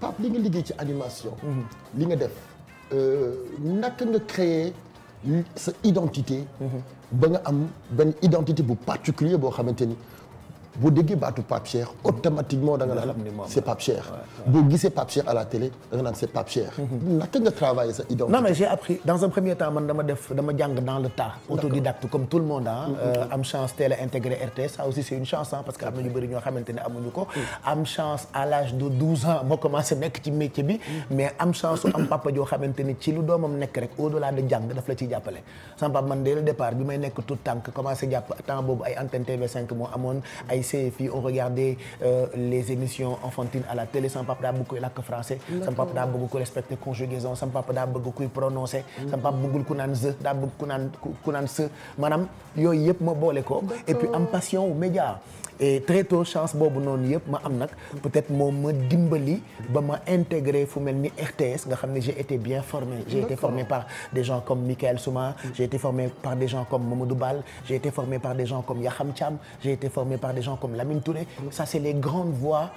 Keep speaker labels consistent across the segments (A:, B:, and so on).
A: Pape li nga liggéey ci animation. Mhm. li nga def euh, naka nga créer sa identité. Mhm. ba nga am ben identité bu particulier bo xamanteni boo déggee baatu Pape Cheikh mm-hmm. automatiquement da nga naan c'est papier. Cheikh boo papier à la télé da nga naan c'est Pape Cheikh naka mm-hmm. nga travailler sa identité non mais j'ai appris dans un premier
B: temps man dama def dama jàng dans le tas autodidacte comme tout le monde ah am chance teel a intégré RTS ça aussi c'est une chance ah parce que am na ñu bëri ñoo xamante ne amuñu ko am chance à l'âge de 12 ans moo commencé nekk ci métier bi mais am chance am papa joo xamante ni ci lu doomam nekk rek au delà de jàng daf la ciy jàppale sama papa man dès le départ bi may nekk tout que commencé jàpp temps boobu ay antenne TV5 moo amoon ay et puis on regardait euh, les émissions enfantines à la télé sans papa beaucoup beaucoup kuy français Ça papa beaucoup beaucoup respecté respecter conjugaison Ça papa beaucoup beaucoup prononcé. prononcer sama papa beaucoup beaucoup naan ze daa bëgg ku naan ma et puis en passion média et très tôt chance boobu non yëpp ma am peut-être mon dimbali ba ma intégré RTS j'ai été bien formé j'ai été formé par des gens comme Michael Souma j'ai été formé par des gens comme Mamadou Bal j'ai été formé par des gens comme Yaham Cham j'ai été formé par des gens comme Lamine Touré ça c'est les grandes voix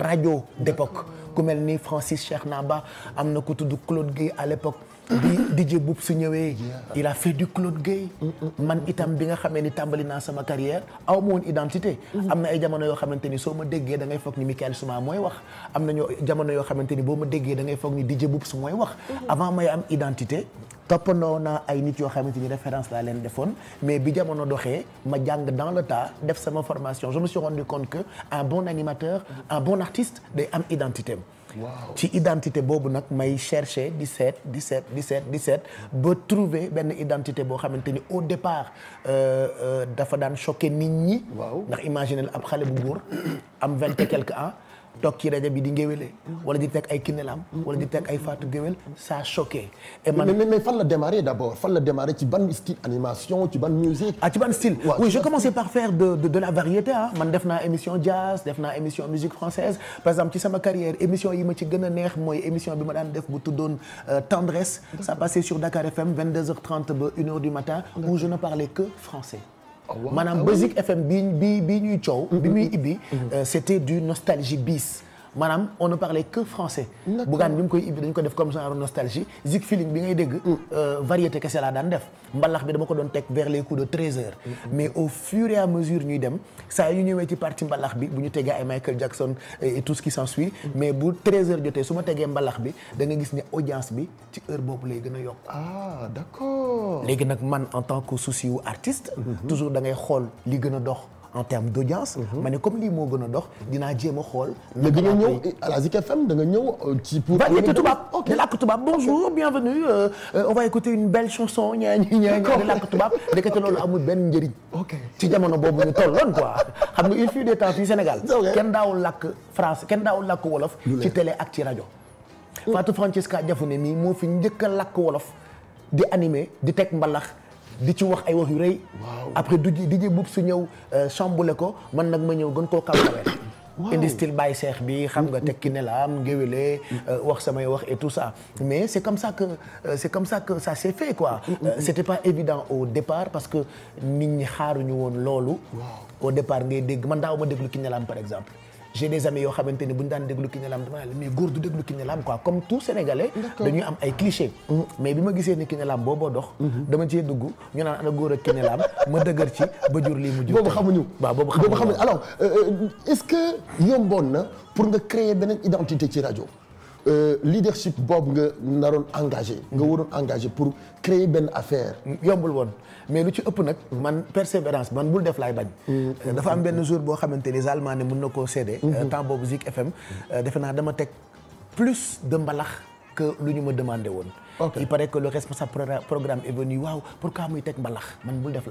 B: radio d'époque Comme elle n'est Francis Chernaba, Ba Claude Gué à l'époque DJ Boub su ñëwé il a fait du Claude Gay man itam bi nga xamé ni tambali na sama carrière aw ma woon identité. amna ay jamono yo xamanteni ni soo ma déggee da ngay foog ni Michael Souma moy wax. amna ñu jamono yo xamanteni ni boo ma déggee da ngay foog ni DJ Boub su moy wax. avant may am identité. topono na ay nit yo xamanteni référence la leen defone mais bi jamono doxé ma jang dans le temps def sama formation je me suis rendu compte que un bon animateur un bon artiste day am identité si identité bobu nak may chercher 17 17 17 17 pour trouver ben identité bo au départ euh euh dafa dan choquer nit ñi ndax imaginer ab xalé bu goor am 20 quelques ans toog ci rajo bi di ngéwéle
A: wala di tek ay kinelam wala di tek ay ça choqué et mais mais fan la démarrer d'abord fan la démarrer ci ban style animation ci ban musique ah ci ban style oui je
B: commençais par faire de de la variété hein, man def émission jazz def na émission musique française par exemple ci sama carrière émission yi ma ci l'émission neex moy émission bi ma daan def bu euh, tendresse ça passait sur Dakar FM 22h30 ba 1h du matin où je ne parlais que français Madame ah basic FM bi bi bi ñuy bi mm-hmm. muy ibbi. Mm-hmm. Euh, c'était du nostalgie bis manam on ne parlait que français Bougan, bi koy ibi dañ ko def comme genre nostalgie Zik Feeling bi ngay dégg mm. euh, variété que laa daan def mbalax bi dama ko doon teg vers les coups de 13 heures mm. mais au fur et à mesure ñuy dem Ça ñu ñëwé ci partie mbalax bi bu ñu téggé ay Michael Jackson et tout ce qui s'ensuit mm. mais bu 13 heures jotté suma téggé mbalax bi da nga gis ni audience bi ci heure boobu lay gëna yok ah
A: d'accord légui
B: nak man en tant que souci artiste mm-hmm. toujours da ngay xol li gëna dox en termes d'audience mhm. mais comme lii moo gën a dox dinaa jéem a xool. mais ñëw à la Zik FM da nga ñëw euh, ci pour. variété tubaab ok làkk tubaab bonjour bienvenue euh, euh, on va écouter une belle chanson ñaa ñi ñaa ñi làkk tubaab ndekete loolu amul benn njëriñ. ok ci jamono boobu ñu tolloon quoi xam nga il fut des temps fii Sénégal. kenn daawul làkk France kenn daawul làkk wolof. ci télé ak ci rajo. Mm. Fatou Francesca Diafoune mii moo fi njëkk a làkk wolof di animé di teg mbalax di ci wax ay wax yu rëy. après du di di buub su ñëw euh, chamboulé ko man nag ma ñëw gën koo kawawee. indi style Baye Cheikh bi xam nga tekki ne la am ngéwéle euh, wax samay wax et tout ça mais c'est comme ça que euh, c'est comme ça que ça s'est fait quoi. c'était pas évident au départ parce que nit ñi xaaruñu woon loolu. au départ ngay dégg man daaw ma déglu ki la am par exemple j'ai des amis qui ont été mais déglu Kiné comme tout sénégalais dañuy am ay clichés mm. mais bima ma ni Kiné Lam je
A: dox mhm. dama ci dugg ñu naan ana ak ma ci ba jur mu jur xamuñu xamuñu alors euh, euh, est-ce que pour nga créer une identité ci radio euh, leadership Bob nga engagé. nga mhm. engagé pour créer une affaire. yombul mais lu ci man persévérance man bul def lay bañ. Mhm.
B: dafa am ben jour mhm. euh, temps FM. Euh, dama plus de mbalax que lu ñu ma demandé il paraît que le responsable programme est venu waaw pourquoi muy tek mbalax man bul def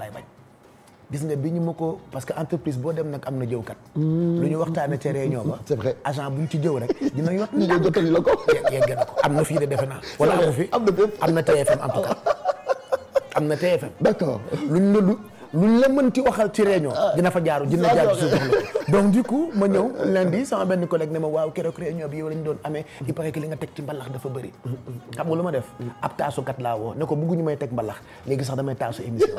B: gis nga bi ñu ma parce que entreprise bo dem nak amna jëw kat hmm. lu ñu waxtaane ca réunion ba c'est vrai agent buñ ci jëw rek dina yot ni jëw jottali lako ko yegg ko amna fi de defena wala amu fi amna bëpp amna am na en tout cas amna na TFM d'accord luñ la lu luñ la mën ci waxal ci réunion ah. dina fa jaaru dina jaaru suuf donc du coup ma ñëw lundi sama benn collègue néma waaw kéro réunion bi yow lañ doon amé di paré que li nga tek ci mbalax dafa bëri xam nga luma ma def ab kat la wo ne ko bëgguñu may tek mbalax légui sax damay taasu émission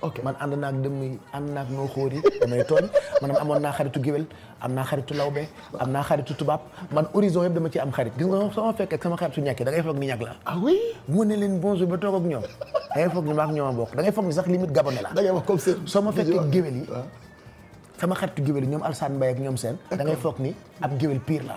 B: ok man ànd naag dëmm yi ànd naag noo xóor yi damay tooñ maanaam amoon naa xaritu géwél am naa xaritu lawbe am naa xaritu tubaab man horizon yëpp dama ci am xarit gis nga sama fekk ak sama xarit su ñàkkee da ngay foog ni ñàkk la ah oui mu ne leen bonjour ba toog ak ñoom da ngay foog ni maa ak ñoom a bokk da ngay foog ni sax limite gabone la da ngay wax comme seen soo ma fekkee géwél yi sama xaritu géwél yi ñoom Alsaan Mbaye ak ñoom seen da ngay foog ni ab géwél pire la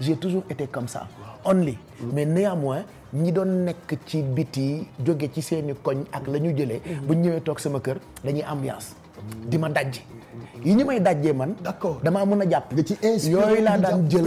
B: j'ai toujours été comme ça only mais néanmoins ñi doon nek ci biti joggé ci seeni koñ ak lañu jëlé bu sama dañuy ambiance dima yi ñi may man d'accord damaa mën temps jàpp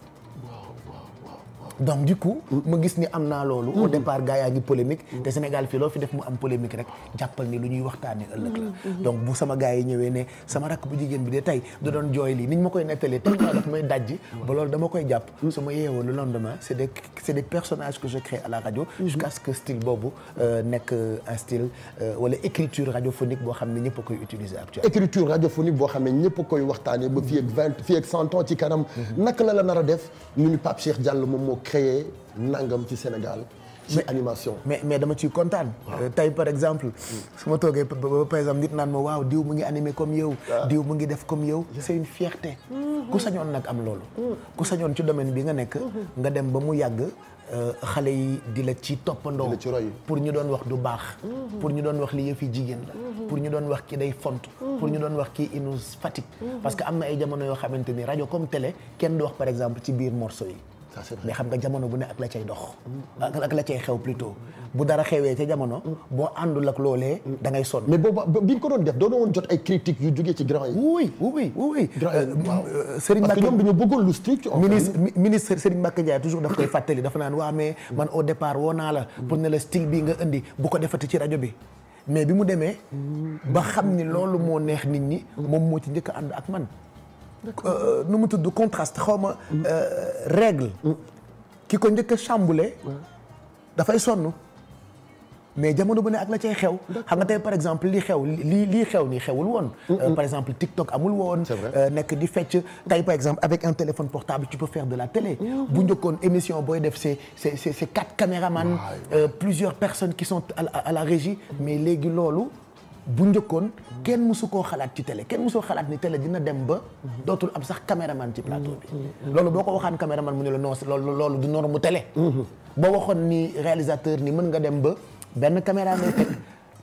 B: donc du coup. ma gis ni am naa au mm-hmm. départ gars yaa ngi polémique. Mm-hmm. te Sénégal fii loo fi def mu am polémique rek jàppal ni lu ñuy waxtaanee ëllëg la. Mm-hmm. donc bu sama gars yi ñëwee ne sama rakk bu jigéen bi de tey da doon jooy lii ni ñu ma koy nettalee tellement daf may dajji. ba loolu dama koy jàpp. su ma yeewoo le lendemain c' est des c'est des personnages que je crée à la radio. jusqu' à ce que style boobu euh, nekk euh, un style euh, wala
A: écriture radiophonique boo xam ne ñëpp a koy utiliser actuellement. écriture radiophonique boo xam ne ñëpp a koy waxtaanee ba fii ak vingt fii ak cent ans ci kanam. naka la la nar a def ñu ni Pape Cheikh Diallo moom moo créer nangam ci Sénégal. ci animation mais mais dama ciy kontaan. Euh, tey par exemple.
B: su ma par exemple nit nan ma waaw diw mu ngi animer comme yow. Ah. diw mu ngi def comme yow. c'est une fierté. Mm-hmm. ku sañoon nak am loolu. Mm. ku sañoon ci domaine bi nga nekk. Mm-hmm. nga dem ba mu euh xalé yi di la ci topando pour ñu doon wax du baax mm-hmm. pour ñu doon wax li yëfi jigen la pour ñu doon wax ki day font pour ñu doon wax ki inus fatigue parce que am na ay jamono yoo xamante comme télé kenn du wax par exemple ci biir morceau yi mais xam nga jamono bu ne ak la cay dox ak la cay xew plutôt bu dara xewee ca jamono boo àndul ak loolee
A: da ngay sonn mais boobu bi nga ko doon def doo doon jot ay critiques yu jógee ci grand yi oui oui oui euh, euh, euh, Serigne Mbacke ñoom dañoo bëggoon lu strict ministre ministre Serigne Mbacke Ndiaye toujours daf koy fàttali dafa naan
B: waa mais man au départ woo naa la pour ne la style bii nga indi bu ko defatee ci rajo bi mais bi mu demee ba xam ni loolu moo neex nit ñi moom moo ci njëkk ànd ak man Euh, nu de tudd contraste comme ma euh, règle qui ko njëkk a chamboulé dafay nous mais jamono bu a ak la de xew xam par exemple lii xew li lii xew nii xewul woon euh, par exemple TikTok amul woon nekk di fecc tey par exemple avec un téléphone portable tu peux faire de la télé bu njëkkoon émission booy def c'est c'est c'est quatre caméramans plusieurs personnes qui sont à la régie mais les loolu bu njëkkoon kenn mësu koo xalaat ci télé kenn mësoo xalaat ni télé dina dem ba dotul am sax caméraman ci plateau bi loolu boo ko waxaan caméraman mu ne la non loolu loolu du norme télé boo waxoon ni réalisateur ni mën nga dem ba ben caméra ngay teg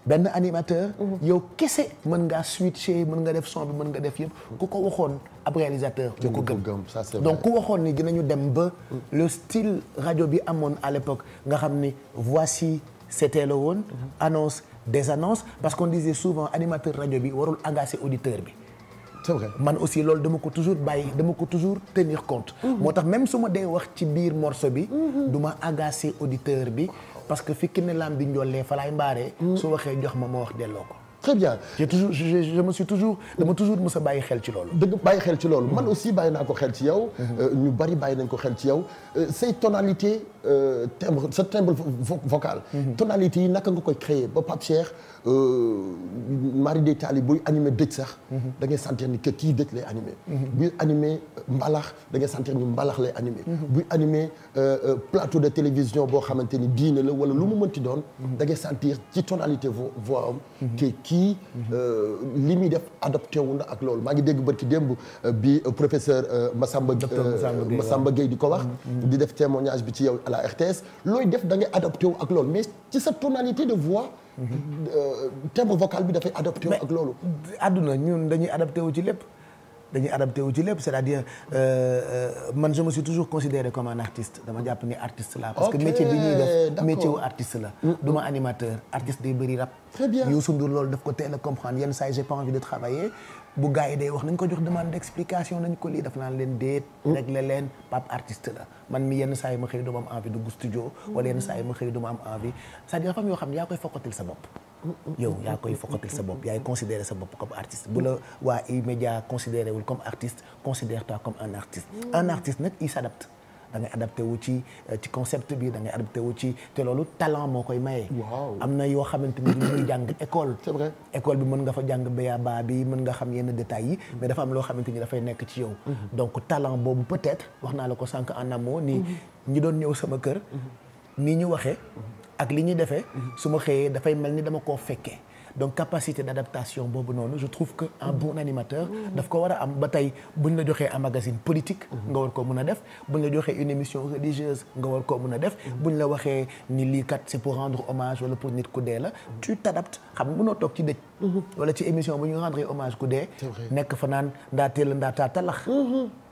B: benn animateur yow kese mën ngaa switcher mën nga def son bi mën nga def yëpp ku ko waxoon ab réalisateur du ko gëm donc ku waxoon ni dinañu dem ba le style radio bi amoon à l'époque nga xam ni voici c'était le one, annonce des annonces parce qu'on disait souvent animateur radio bi warul agacer auditeur c'est vrai Moi aussi je dama toujours toujours tenir compte mhm. même si je wax morceau bi mhm. auditeur parce que si je suis je
A: très bien j'ai toujours je, je me suis toujours dama toujours mos a bàyyi xel ci loolu. dëgg bàyyi xel ci loolu. man aussi bàyyi naa ko xel ci yow. Mhm. Euh, ñu bari bàyyi ko xel ci yow. Euh, say tonalité euh, timbre sa timbre vocal. Mhm. tonalité yi naka nga koy créer ba Pape Cheikh Marie de Tali animé dëj sax. Mhm. da ngay sentir ni que kii dëj lay animé. buy animé mbalax da ngay sentir ni mbalax animés animé. animé plateau de télévision boo xamante ni diine le wala lu mu mënti doon. da ngay sentir ci tonalité voix qui qui euh, li muy def adopté wu ak loolu maa ngi dégg barki demb euh, bi euh, professeur Massamba Massamba Gueye di ko wax mm-hmm, mm-hmm. di def témoignage bi ci yow à la RTS loy def da ngay adopté wu ak loolu mais ci sa tonalité de voix mm-hmm. timbre vocal bi dafay adopté wu ak loolu aduna ñun dañuy adopté wu ci lepp dañuy adapté wu
B: ci lépp c'est-à-dire euh, euh, man je me suis toujours considéré comme un artiste dama jàpp ni artiste là, parce que métier bi ñuy def métier artiste là, de mon animateur artiste day bëri rap très bien Youssou Ndour loolu daf ko teel a comprendre yenn saa yi j'ai pas envie de travailler bu gars yi day wax nañ ko jox demande d'explication nañ ko lii daf naan leen déet mm-hmm. rek la leen pap artiste la man mi yenn saa yi ma xëy duma am envie dugg studio wala yenn saa yi ma xëy duma am envie c'est-à-dire xam am yoo xam ne yaa koy fokkatil sa bopp yow yaa koy fokkatil sa bopp yaay considéré sa bopp comme artiste bu la waa E-Media comme artiste considère toi comme un artiste un artiste nag il s'adapte da ngay adapté euh, ci concept bi da ngay adapté wu ci te loolu talent moo koy maye. am na yoo xamante ni ñuy jàng école. c'est vrai école bi mën nga fa jàng béyaba bi mën nga xam yenn détails yi. mais dafa am loo xamante ni dafay nekk ci yow. Mm-hmm. donc talent boobu peut-être wax naa la ko sànq ak li ñuy defee su ma xëyee dafay dama ko féké donc capacité d'adaptation bobu noonu je trouve que un bon animateur daf ko wara am ba buñ la joxé un magazine politique nga war ko mëna def buñ la joxé une émission religieuse nga war ko mëna def buñ la waxé ni li kat c'est pour rendre hommage wala pour nit ku la tu t'adaptes xam mënoo tok ci dëj mhm. wala ci émission buñu ñu rendre hommage ku nek fanan fa naan ndaa teel talax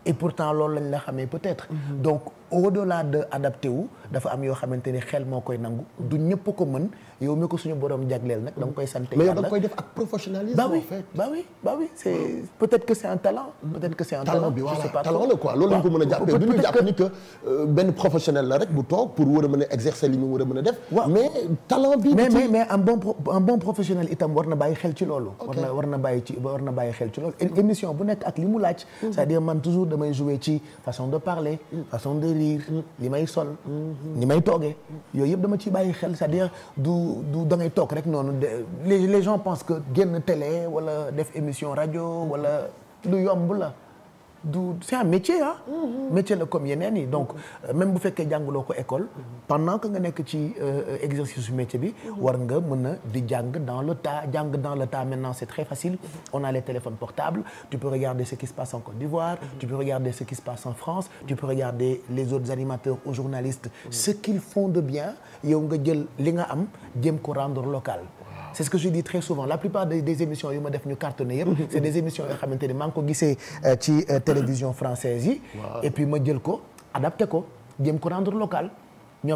B: et pourtant loolu lañ la xamee peut-être. Mhm. donc au-delà de adapté wu. dafa am yoo xamante ni xel moo koy nangu. du ñëpp ko mën yow mi ko suñu borom jagleel nag. da nga koy sant yàlla mais yow da nga koy def ak
A: professionnalisme. Bah en fait bah oui bah oui c'est peut-être que c'est un talent. Mhm. peut-être que c'est un talent bi voilà talent la quoi loolu lañ ko mën a jàppee du ñu jàpp ni que ben professionnel la rek bu toog pour war a mën exercer li mu def. mais talent bi. mais mais un bon un bon professionnel
B: itam war na bàyyi xel ci loolu. war na war na bàyyi ci war na bàyyi xel ci loolu mhm. émission bu nekk ak li mu ça c'est-à-dire man toujours may jouer ci façon de parler façon de rire li may sol ni may togué yooyu yeb dama ci bàyyi xel c'est-à-dire du du da ngay rek non les gens pensent que guen télé wala def émission radio, wala du yomb la c'est un métier hein. Mm-hmm. métier le comme yeneen donc mm-hmm. euh, même vous faites jànguloo ko école. Mm-hmm. pendant que nga nekk ci euh, exercice métier vous war nga mën dans le tas dans le maintenant c'est très facile. on a les téléphones portables tu peux regarder ce qui se passe en Côte d'Ivoire. tu peux regarder ce qui se passe en France. tu peux regarder les autres animateurs ou journalistes. ce qu'ils font de bien et nga jël li am rendre local c'est ce que je dis très souvent la plupart des, émissions que je def mhm. c'est des émissions qui sont été manquées télévision française et puis ma jël ko adapté ko jéem ko rendre local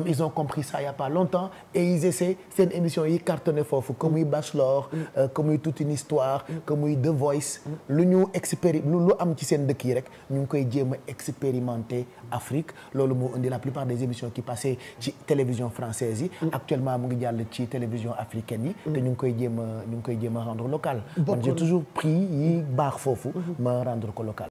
B: ils ont compris ça il n'y a pas longtemps et ils essaient une émission cartonnée cartonné fort, comme Bachelor comme euh, toute une histoire comme The Voice Nous, mm. ñu expéri lu nous ci seen Nous rek expérimenter Afrique la plupart des émissions qui passaient la télévision française mm. actuellement nous ngi de télévision africaine Nous nous mm. ñu rendre local j'ai toujours pris yi baax fort, mm-hmm. ma rendre local